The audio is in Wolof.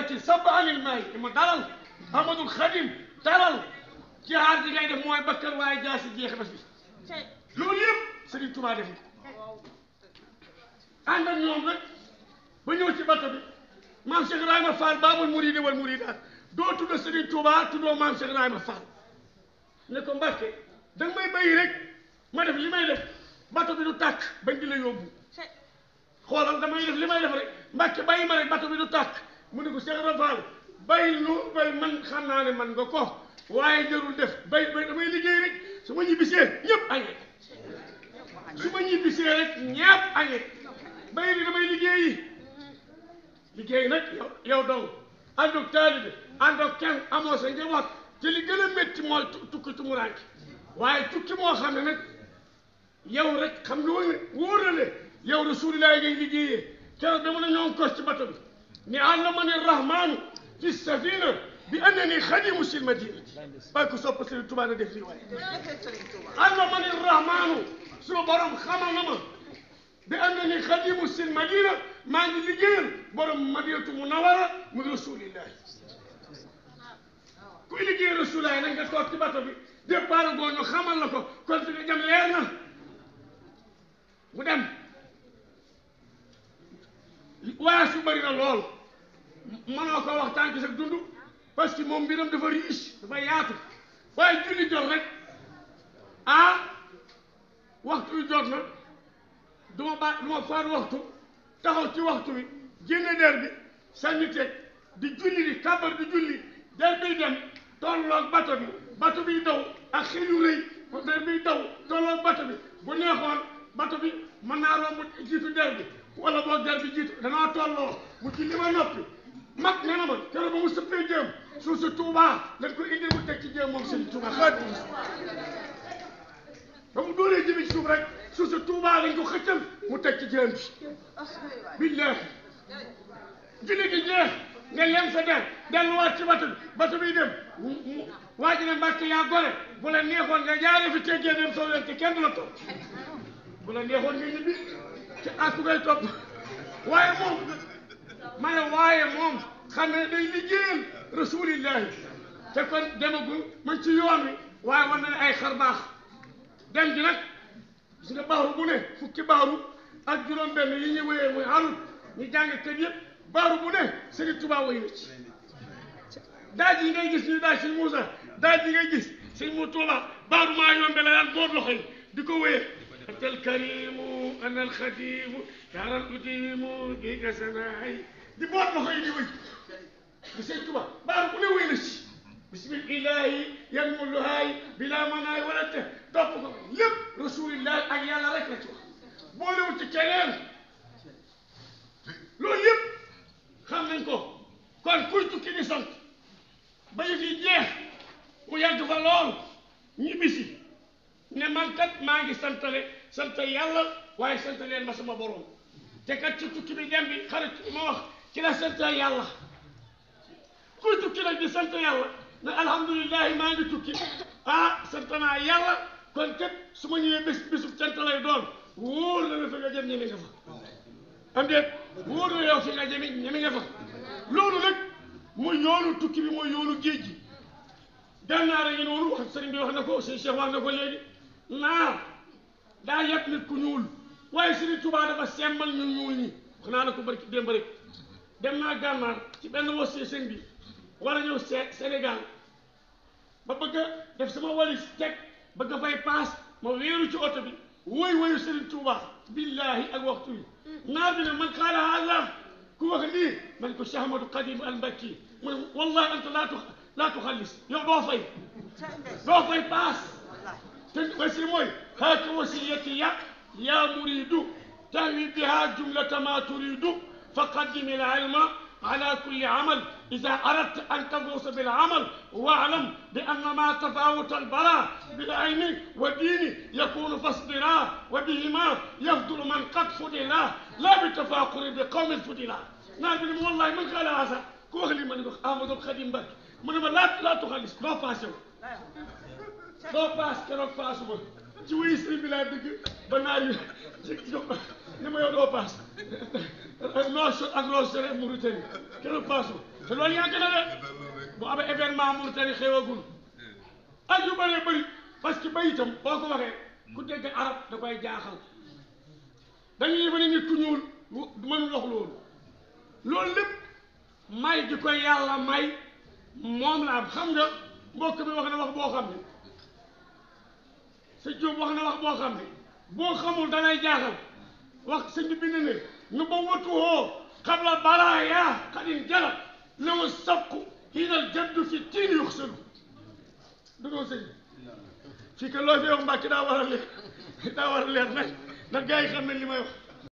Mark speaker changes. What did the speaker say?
Speaker 1: تاكل سبعة للماي اما هم دول خدم ترل كي عارضي قاعدة موي بكر واي جاس دي خمس بس لوليم سريم توما دي عند النوم لك بنيو تبتا بي مام شيخ رايما فال باب المريد والمريد دو تدو سريم توما تدو مام شيخ رايما فال نكو مبكي دنگ ماي باي رك ما دف لي ماي دف bato bi تاك tàkk bañ di la yóbbu xoolal damay def li may def rek mbàcc bàyyi ma rek bato mu ne ko Cheikh Ibra Fall bayil bay man xam naa ne man nga ko waaye jarul def bay bay damay liggéey rek su ma ñibbisee ñëpp añe su ma ñibbisee rek ñëpp añe bay bi damay liggéeyi liggéey nag yow yow dong ànd ak taalibe ànd ak kenn amoo sa njaboot te li gën a métti mooy tukki waaye tukki moo xam ne nag yow rek xam nga wóor na ne yow Rasulullah ngay liggéeyee dama ne ñoo ngi ci bato نعلمني الرحمن في السفينة بأنني خادم المدينة باكو سوبا سيري توبا أنا ديف رواية علمني الرحمن سلو برم خما نما بأنني خادم المدينة ما عندي لجيل برم مدينة منورة من رسول الله كل liggéey رسول الله nga toog ci bato دي بارو goo ñu لكو كنت ko kon fi bëri na lool mënoo ko wax tànk sa dund parce que moom mbiram dafa riche dafa yaatu waaye julli jot rek ah waxtu wi jot na du ma waxtu taxaw ci waxtu wi génne der bi sànni teg di julli di kàbbar di julli der biy dem tolloog bato bi bato biy daw ak xel yu der biy daw tolloog bato bi bu neexoon bato bi mën naa romb jiitu der bi wala boo ger bi jiitu danaa tolloo mu julli ma noppi mag nee na ma keroog ba mu sëppee jéem suuf si Touba lañ ko indi mu teg ci jéem moom sëñ Touba xaat ba mu dóoree jëmi ci suuf rek suuf si Touba lañ ko xëccal mu teg ci jéem bi billaahi julli gi jeex nga lem sa der delluwaat ci batu batu bi dem waa ji ne mbàkk yaa gore bu la neexoon nga jaaree fi teggee dem soo leen te kenn du la toog bu la neexoon nga ñibbi ci as ku koy topp waaye moom ma ne waaye moom xam ne day liggéeyal rasulillahi man ci yoon wi waaye war ay xar baax dem ji nag gis nga baaru bu ne fukki baaru ak juróom-benn yi ñuy wéyee muy xarut ñu jàng kër yëpp baaru bu ne Sëriñ Tuubaa wéy na ci daaj yi ngay gis ñu daaj Mu Tuubaa baaru maa yombe la daan boor di ko wéyee atel karimu أنا الخديم ترى القديم بك سماعي دي برضه وي بسيت انتوا بقى بقى كل ويلش بسم الإله ينمو اللهاي بلا مناي ولا ته تدفق لب رسول الله أجيال ركلته بولو تتكلم لو لب خمنكو كون كنت كني سلط بيو في جيه ويادو فالول نيبسي ne man kat maa ngi santale waaye sant leen ma sama borom te kat ci tukki bi dem bi xarit ma wax ci la sant yàlla kuy tukki nag di sant yàlla ne alhamdulilahi maa ngi tukki ah sant naa yàlla kon kat su ma ñëwee bés bésub cant lay doon wóor na nga fi nga jëm ñeme nga fa am déet wóor na yow fi nga jëm ñeme nga fa loolu nag mooy yoonu tukki bi mooy yoonu géej gi gannaara yi noonu wax sëriñ bi wax na ko sëriñ Cheikh wax na ko léegi naar daa yàpp nit ku ñuul waaye Sëriñ Tuubaa dafa semmal ñun ñuul ñi wax naa la ko barki démb rek dem naa gànnaar ci benn wasi sëñ bi war a ñëw Sénégal ba bëgg a def sama walis teg bëgg a fay paas ma wéeru ci oto bi woy woyu Sëriñ Tuubaa billaahi ak waxtu yi mm. naar bi ne man xaala haala ku wax lii man ko Cheikh Ahmadou Khadim al Mbacke mu ne wallahi anta laa tux laa tuxallis yow doo fay doo fay paas te wasi mooy xaaka wasiyati yàq يا مريد تريد بها جملة ما تريد فقدم العلم على كل عمل إذا أردت أن تغوص بالعمل واعلم بأن ما تفاوت البراء بالعلم والدين يكون فاصبرا وبهما يفضل من قد فضلا لا بتفاخر بقوم فضلا نعم والله من قال هذا كوهلي من أحمد الخديم بك من لا لا تخلص لا فاسو لا فاس كرو فاسو ci wuyu sëriñ bi laa dëgg ba naar yi jox ma ni ma yow doo paas noosu ak noosu sere Mauritanie kenn paasu te loolu yàgg na de bu amee événement Mauritanie xewagul ak yu bëree bëri parce que bay itam boo ko waxee ku dégg arab da koy jaaxal dañuy yëfa ne ku ñuul mënul wax loolu loolu lépp may di koy yàlla may moom la xam nga mbokk bi wax na wax boo xam ne sëñ Diop wax na wax boo xam ne boo xamul da lay jaaxal wax sëñ bi bind ne nu ba watu woo xam la balaa yaa xadin jala fi tiin yox sëlu du doon sëñ fi wax mbàcc daa war a leer daa war a leer yi xam nañ li may wax